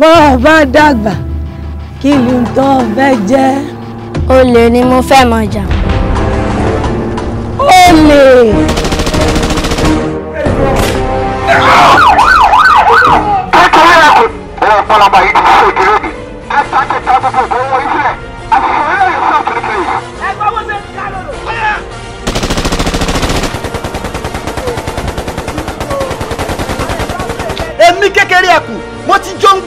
bọ́ ọ bá dàgbà kí ló ń tọ́ ọ fẹ́ jẹ́. olè ni mo fẹ́ mọ jà. olè. Palaba yìí ti mo ti jó ń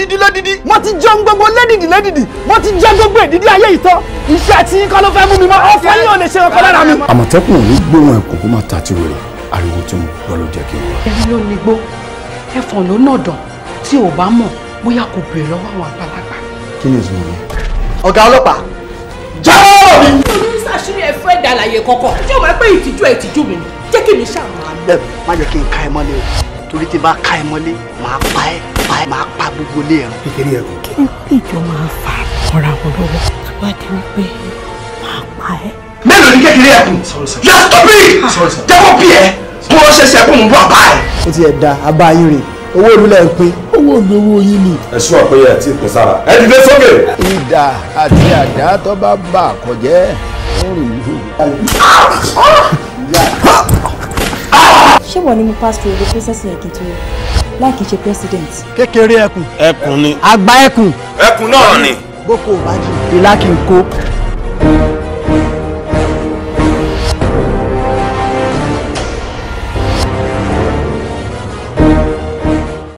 lódìdí lódìdí mo ti jẹun gbogbo lódìdí lódìdí mo ti jẹ gbogbo ìdídí ayé ìtọ́ iṣẹ́ àti yín kọ́ ló fẹ́ mú mi mọ́ ọ̀fọ̀ yìí ò lè ṣe ọkọ lára mi. àmọ̀tẹ́kùn ò ní gbóhùn ẹ̀kọ́ kó má ta ti wèrè ariwo tó ń gbọ́ ló jẹ́ kí n wá. ẹni ló ní gbó ẹfọn ló nà dàn tí ò bá mọ̀ bóyá kò béèrè lọ́wọ́ àwọn àgbàlagbà. kí ni ìṣòro yẹn. ọ̀gá ọlọ́pàá jẹ́ torí tí bá ká ẹ mọ́lé màá pa ẹ́ fà á máa pa gbogbo ilé ẹ̀rùn. kékeré ẹ̀rù. kí ni pé ìjọ máa fà ọ̀rọ̀ àwọn lọ́wọ́ tó bá di wípé máa pa ẹ́. mélòó ni kékeré ẹ̀kún yà tóbi jẹ́wọ́ bí ẹ kó o ṣe ṣẹ́kùn ń bọ̀ bá ẹ. ó ti ẹ̀ da abá yín rìn owó ìlú lẹ̀ ń pín. owó ìlú owó yín ni. ẹ̀sùn àpẹyẹ àti ìpín sára ẹ dìde sókè. ìdà àti àdá tó bá bà àkọ́jẹ́ ó rìn lù ṣé wọ́n ní mo pass through the process yẹn kí n tó yẹ láì kí n ṣe president. kékeré ẹkùn. ẹkùn ni. àgbà ẹkùn. ẹkùn náà ni. boko ò bá jù. kì í kó.